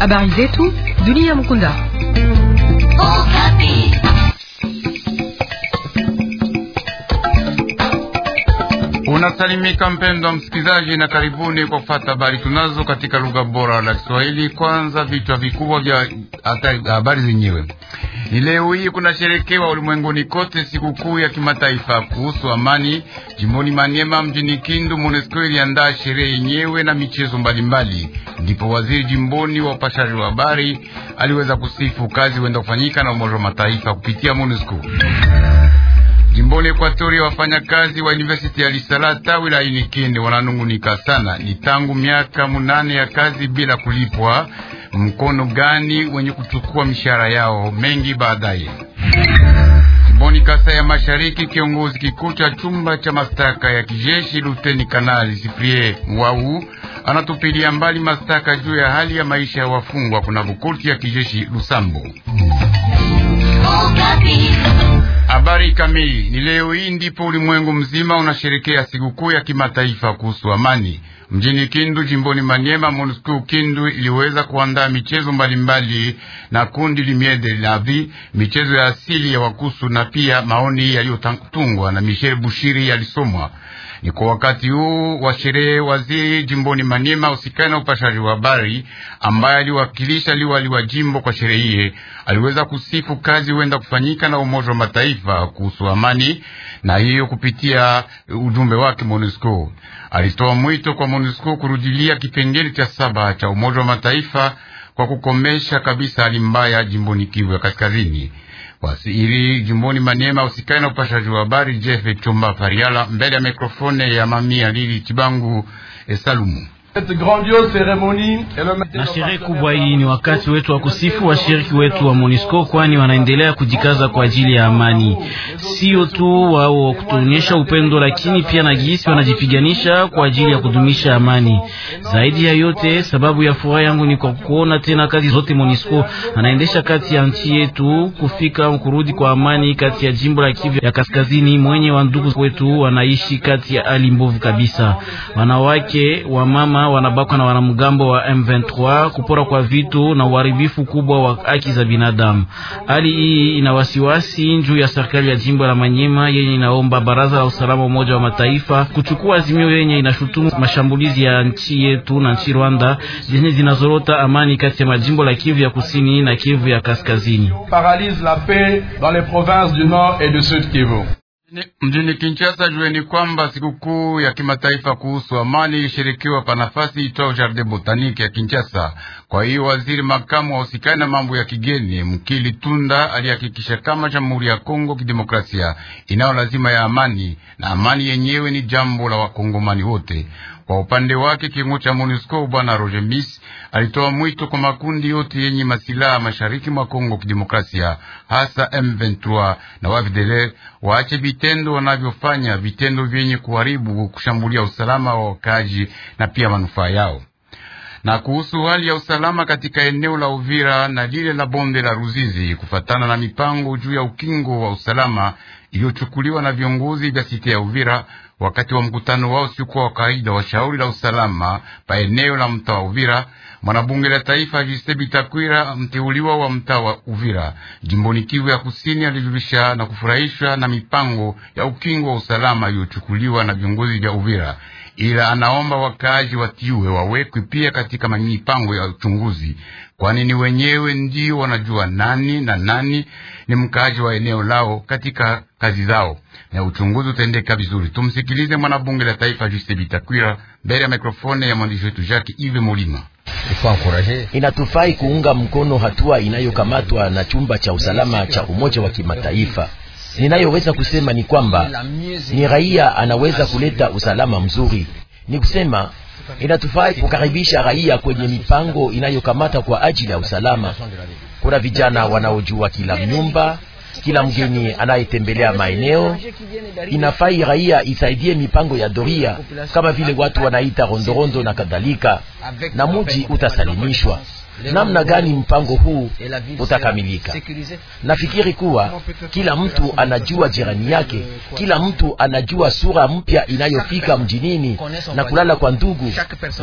Habari zetu dunia Mukunda. Unasalimika msikilizaji, na karibuni kwa kufata habari tunazo katika lugha bora la Kiswahili. Kwanza vichwa vikubwa vya habari zenyewe. Ni leo hii kunasherekewa ulimwenguni kote sikukuu ya kimataifa kuhusu amani. Jimboni manyema mjini Kindu, MONUSCO iliandaa sherehe yenyewe na michezo mbalimbali. Ndipo waziri jimboni wa upashaji wa habari aliweza kusifu kazi huenda kufanyika na Umoja wa Mataifa kupitia MONUSCO. Jimboni Ekuatoria, wafanyakazi wa University ya Lisala tawi la wananungunika sana, ni tangu miaka munane ya kazi bila kulipwa mkono gani wenye kuchukua mishahara yao mengi baadaye. Boni Kasa ya Mashariki, kiongozi kikuu cha chumba cha mashtaka ya kijeshi Luteni Kanali Siprie Mwau anatupilia mbali mashtaka juu ya hali ya maisha ya wafungwa kuna bukoti ya kijeshi Lusambo. Oh, Habari kamili ni leo hii, ndipo ulimwengu mzima unasherekea sikukuu ya kimataifa kuhusu amani. Mjini Kindu, jimboni Manyema, MONUSCO Kindu iliweza kuandaa michezo mbalimbali na kundi Limiede Lavi, michezo ya asili ya Wakusu na pia maoni yaliyotungwa na Michel Bushiri yalisomwa ni kwa wakati huu wa sherehe, waziri jimboni Manema usikani na upashaji wa habari ambaye aliwakilisha liwali wa jimbo kwa sherehe hiye aliweza kusifu kazi huenda kufanyika na Umoja wa Mataifa kuhusu amani, na hiyo kupitia ujumbe wake MONUSCO. Alitoa mwito kwa MONUSCO kurudilia kipengele cha saba cha Umoja wa Mataifa kwa kukomesha kabisa hali mbaya jimboni Kivu ya Kaskazini wasiri jimboni Maniema usikane na upashaji wa habari Jeff Chumba Pariala mbele ya mikrofone ya mamia Lili Chibangu Esalumu. Na sherehe kubwa hii ni wakati wetu wa kusifu washiriki wetu wa MONUSCO, kwani wanaendelea kujikaza kwa ajili ya amani, sio tu wao kutuonyesha upendo, lakini pia na gisi wanajipiganisha kwa ajili ya kudumisha amani. Zaidi ya yote, sababu ya furaha yangu ni kwa kuona tena kazi zote MONUSCO anaendesha kati ya nchi yetu, kufika kurudi kwa amani kati ya jimbo la Kivu ya Kaskazini, mwenye wa ndugu wetu wanaishi kati ya hali mbovu kabisa, wanawake wa mama usalama wanabakwa na wanamgambo wa M23, kupora kwa vitu na uharibifu kubwa wa haki za binadamu. Hali hii ina wasiwasi juu ya serikali ya jimbo la Manyema yenye inaomba baraza la usalama Umoja wa Mataifa kuchukua azimio yenye inashutumu mashambulizi ya nchi yetu na nchi Rwanda zenye zinazorota amani kati ya majimbo la Kivu ya kusini na Kivu ya kaskazini. Mjini Kinshasa, jueni kwamba sikukuu ya kimataifa kuhusu amani ilishirikiwa pa nafasi itwao Jardin Botanique ya Kinshasa. Kwa hiyo waziri makamu wahusikani na mambo ya kigeni Mkili Tunda alihakikisha kama Jamhuri ya Kongo Kidemokrasia inayo lazima ya amani na amani yenyewe ni jambo la wakongomani wote. Kwa upande wake kiongo cha MONUSCO bwana Roger Miss alitoa mwito kwa makundi yote yenye masilaha mashariki mwa Kongo Kidemokrasia, hasa M23 na Wafdele waache vitendo wanavyofanya, vitendo vyenye kuharibu kushambulia usalama wa wakaaji na pia manufaa yao. Na kuhusu hali ya usalama katika eneo la Uvira na lile la bonde la Ruzizi, kufatana na mipango juu ya ukingo wa usalama iliyochukuliwa na viongozi vya site ya Uvira wakati wa mkutano wao siku wa kawaida wa shauri la usalama pa eneo la mtaa wa Uvira, mwanabunge la taifa Justin Bitakwira, mteuliwa wa mtaa wa Uvira jimboni Kivu ya Kusini, alijulisha na kufurahishwa na mipango ya ukingo wa usalama iliyochukuliwa na viongozi vya Uvira ila anaomba wakazi watiwe wawekwe pia katika mipango ya uchunguzi, kwani ni wenyewe ndio wanajua nani na nani ni mkaaji wa eneo lao katika kazi zao, na uchunguzi utaendeka vizuri. Tumsikilize mwanabunge la taifa Juste Bitakwira mbele ya mikrofone ya mwandishi wetu Jacques Ive Molima. Inatufai kuunga mkono hatua inayokamatwa na chumba cha usalama cha Umoja wa Kimataifa Ninayoweza kusema ni kwamba ni raia anaweza kuleta usalama mzuri, ni kusema inatufaa kukaribisha raia kwenye mipango inayokamata kwa ajili ya usalama. Kuna vijana wanaojua kila nyumba, kila mgeni anayetembelea maeneo. Inafai raia isaidie mipango ya doria, kama vile watu wanaita rondorondo na kadhalika, na muji utasalimishwa namna gani mpango huu utakamilika. Nafikiri kuwa kila mtu anajua jirani yake, euh, kila mtu anajua sura mpya inayofika mjinini na kulala kwa ndugu,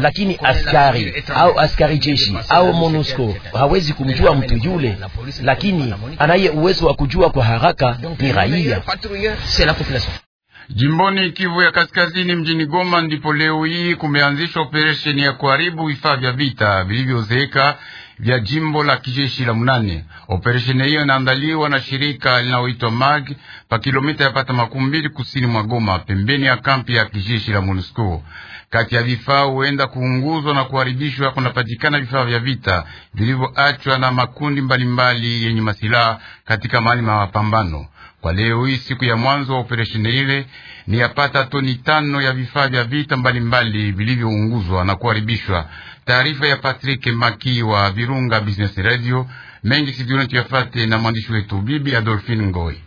lakini askari au askari jeshi au MONUSCO hawezi kumjua mtu yule, lakini anaye uwezo wa kujua kwa haraka ni raia. Jimboni Kivu ya Kaskazini, mjini Goma, ndipo leo hii kumeanzishwa operesheni ya kuharibu vifaa vya vita vilivyozeeka vya jimbo la kijeshi la munane. Operesheni hiyo inaandaliwa na shirika linaloitwa MAG pa kilomita ya pata makumi mbili kusini mwa Goma, pembeni ya kampi ya kijeshi la MONUSCO. Kati ya vifaa huenda kuunguzwa na kuharibishwa kunapatikana vifaa vya vita vilivyoachwa na makundi mbalimbali mbali yenye masilaha katika mahali mapambano. Kwa leo hii siku ya mwanzo wa operesheni ile ni yapata toni tano ya vifaa vya vita mbalimbali vilivyounguzwa na kuharibishwa. Taarifa ya Patrick Maki wa Virunga Business Radio mengi sidioni tuyafate na mwandishi wetu Bibi Adolphine Ngoi.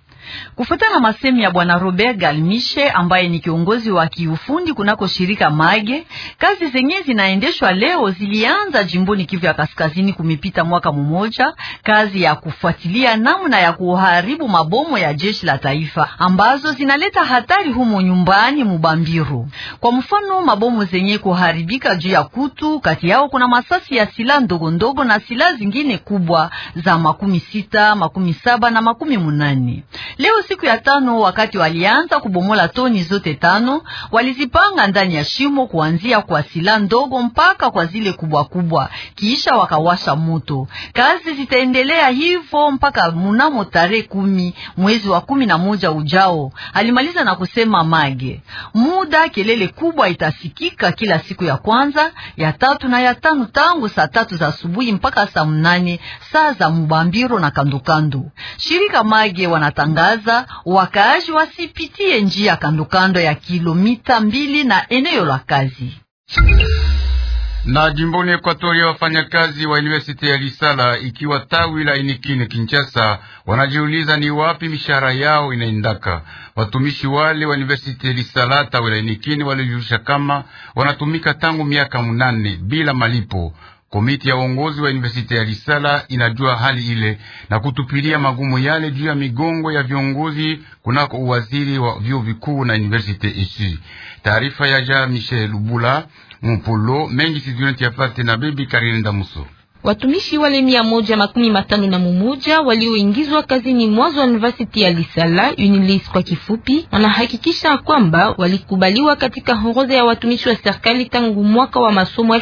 Kufuatana na masemi ya bwana Robert Galmiche ambaye ni kiongozi wa kiufundi kunako shirika Mage, kazi zenye zinaendeshwa leo zilianza jimboni Kivu ya Kaskazini kumepita mwaka mmoja, kazi ya kufuatilia namna ya kuharibu mabomo ya jeshi la taifa ambazo zinaleta hatari humo nyumbani Mubambiru. Kwa mfano, mabomo zenye kuharibika juu ya kutu, kati yao kuna masasi ya silaha ndogo ndogo na silaha zingine kubwa za makumi sita, makumi saba na makumi munane. Leo siku ya tano, wakati walianza kubomola toni zote tano walizipanga ndani ya shimo, kuanzia kwa sila ndogo mpaka kwa zile kubwa kubwa, kisha wakawasha moto. Kazi zitaendelea hivyo mpaka mnamo tarehe kumi mwezi wa kumi na moja ujao, alimaliza na kusema Mage. Muda kelele kubwa itasikika kila siku ya kwanza, ya tatu na ya tano tangu saa tatu za asubuhi mpaka saa mnane saa za Mubambiro na kandokando. Shirika Mage wanatangaza kutangaza wakaaji wasipitie njia kandokando ya kilomita mbili na eneo la kazi. Na jimboni Ekuatoria, wafanyakazi wa universiti ya Lisala ikiwa tawi la inikini Kinshasa wanajiuliza ni wapi mishahara yao inaendaka. Watumishi wale wa universiti ya Lisala tawi la Inikine walijulisha kama wanatumika tangu miaka munane bila malipo. Komiti ya uongozi wa Universite ya Lisala inajua hali ile na kutupilia magumu yale juu ya migongo ya viongozi kunako uwaziri wa vyuo vikuu na universite ishi. Taarifa ya Jean Michel Lubula Mupolo mengi, studenti ya na bibi Karine Damuso. Watumishi wale mia moja makumi matano na mumoja walioingizwa kazini mwazo university ya Lisala UNILIS kwa kifupi, wanahakikisha kwamba walikubaliwa katika horoza ya watumishi wa serikali tangu mwaka wa masomo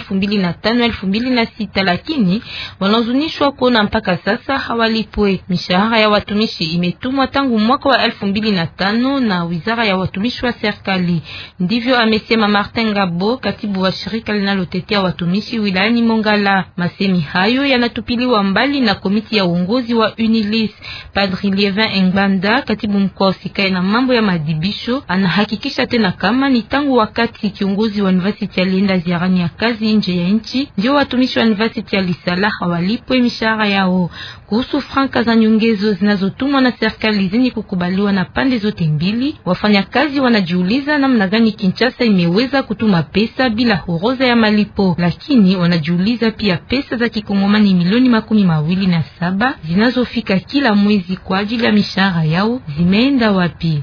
na sita lakini wanazunishwa kuona mpaka sasa hawalipwe mishahara ya watumishi. Imetumwa tangu mwaka wa 2005 na wizara ya watumishi wa serikali. Ndivyo amesema Martin Gabo, katibu wa shirika linalotetea watumishi wilayani Mongala Masemi hayo yanatupiliwa mbali na komiti ya uongozi wa UNILIS. Padri Lievin Engbanda, katibu mkuu usikae na mambo ya madibisho, anahakikisha tena kama ni tangu wakati kiongozi wa university alienda ziarani ya kazi nje ya nchi, ndio watumishi wa university ya Lisala hawalipwe mishahara yao kuhusu franka za nyongezo zinazotumwa na serikali zenye kukubaliwa na pande zote mbili. Wafanyakazi wanajiuliza namna gani Kinshasa imeweza kutuma pesa bila horoza ya malipo, lakini wanajiuliza pia pesa za kikongomani milioni makumi mawili na saba zinazofika kila mwezi kwa ajili ya mishahara yao zimeenda wapi?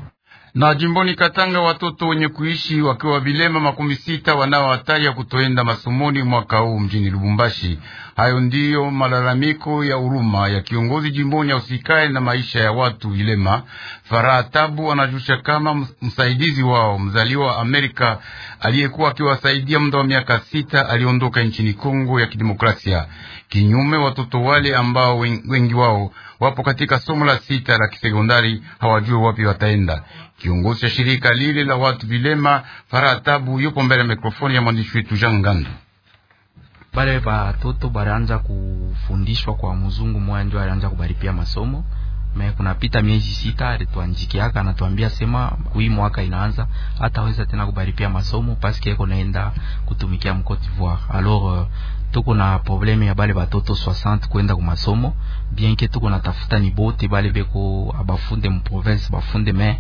Na jimboni Katanga, watoto wenye kuishi wakiwa vilema makumi sita wanao hatari ya kutoenda masomoni mwaka huu mjini Lubumbashi. Hayo ndiyo malalamiko ya huruma ya kiongozi jimboni ya usikae na maisha ya watu vilema. Faraha Tabu anajusha kama msaidizi wao mzaliwa wa Amerika aliyekuwa akiwasaidia muda wa miaka sita aliondoka nchini Kongo ya Kidemokrasia. Kinyume watoto wale ambao wengi wao wapo katika somo la sita la kisekondari hawajue wapi wataenda. Kiongozi wa shirika lile la watu vilema Faratabu yupo mbele ya mikrofoni ya mwandishi wetu Jean Ngando. Bale batoto baraanza kufundishwa kwa mzungu mmoja ndio alianza kubaripia masomo me kunapita miezi sita, alituanjikiaka anatuambia sema hii mwaka inaanza hataweza tena kubaripia masomo paske eko naenda kutumikia mcote d'Ivoire. Alors euh, tuko na probleme ya bale batoto 60 kwenda ku masomo, bien que tuko natafuta ni bote bale beko abafunde mu province bafunde me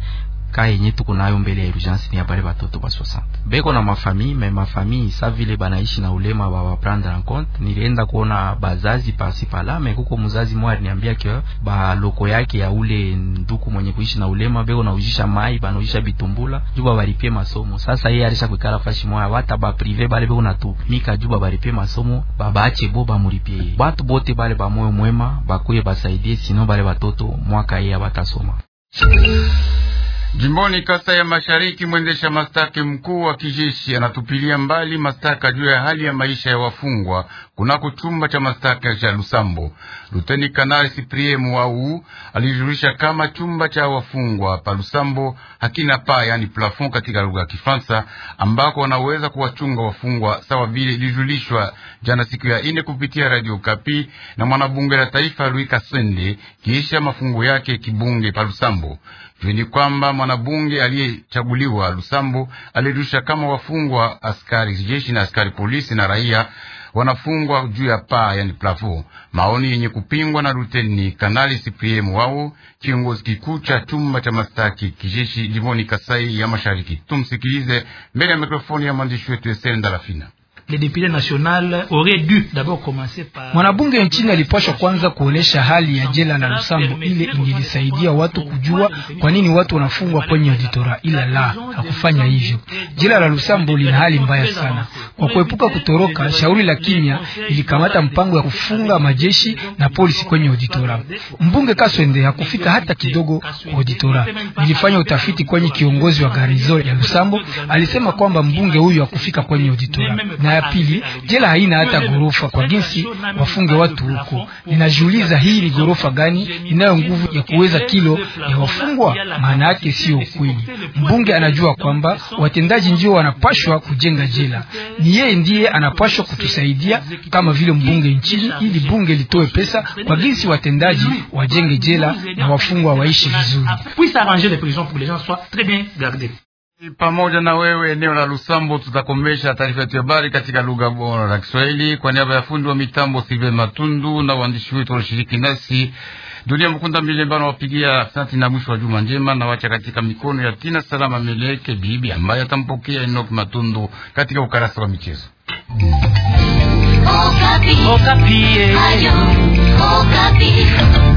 ka yenye tuko nayo mbele ya urgence ni bale batoto ba 60 beko na mafami me mafamii sa vile banaishi na ulema bawaprendre en compte. Nilienda kuona bazazi pasi pala, me kuko mzazi mwa aliniambia ke baloko yake ya ule nduku mwenye kuishi na ulema beko naujisha mai banaujisha bitumbula juba baripie masomo. Sasa yeye alisha kuikala fashi moya wata ba prive bale beko natumika juba baripie masomo babaache bo bamuripie ye batu bote bale bamoyo mwema bakuye basaidie sino bale batoto mwaka yeye abatasoma Jimboni kasa ya Mashariki, mwendesha mastaki mkuu wa kijeshi anatupilia mbali mastaka juu ya hali ya maisha ya wafungwa kunako chumba cha mastaka cha Lusambo. Luteni Kanali Siprie Mwau alijulisha kama chumba cha wafungwa pa Lusambo hakina paa, yani plafon katika lugha ya Kifaransa, ambako wanaweza kuwachunga wafungwa sawa vile ilijulishwa jana siku ya ine kupitia Radio Kapi na mwanabunge la taifa Louis Kasende kisha mafungo yake kibunge pa Lusambo. Jueni kwamba mwanabunge aliyechaguliwa Lusambo alirusha kama wafungwa askari jeshi na askari polisi na raia wanafungwa juu ya paa, yani plafo. Maoni yenye kupingwa na luteni kanali Sipriemu wao kiongozi kikuu cha chumba cha mastaki kijeshi jimboni Kasai ya Mashariki. Tumsikilize mbele ya mikrofoni ya mwandishi wetu Esenda Rafina. Mwanabunge nchini alipashwa kwanza kuonesha hali ya jela la Lusambo, ile ingelisaidia watu kujua kwa nini watu wanafungwa kwenye auditora, ila la hakufanya hivyo. Jela la Lusambo lina hali mbaya sana. Kwa kuepuka kutoroka, shauri la kimya ilikamata mpango ya kufunga majeshi na polisi kwenye auditora. Mbunge Kaswende hakufika hata kidogo kwa auditora. Nilifanya utafiti kwenye kiongozi wa garizo ya Lusambo, alisema kwamba mbunge huyu hakufika kwenye auditora na ya pili, jela haina hata ghorofa kwa jinsi wafunge watu huko. Ninajiuliza hii ni ghorofa gani inayo nguvu ya kuweza kilo ya wafungwa? Maana yake sio kweli. Mbunge anajua kwamba watendaji ndio wanapashwa kujenga jela, ni yeye ndiye anapashwa kutusaidia kama vile mbunge nchini, ili bunge litoe pesa kwa jinsi watendaji wajenge jela na wafungwa waishi vizuri pamoja na wewe eneo la Lusambo. Tutakomesha taarifa yetu ya habari katika lugha bora la Kiswahili kwa niaba ya fundi wa mitambo Sylvain Matundu na waandishi wetu walioshiriki nasi. Dunia Mkunda Milembano wapigia asante na mwisho wa juma njema, na wacha katika mikono ya Tina Salama Meleke bibi ambaye atampokea Enoki Matundu katika ukarasa wa michezo. Okapi. Okapi. Ayo. Okapi.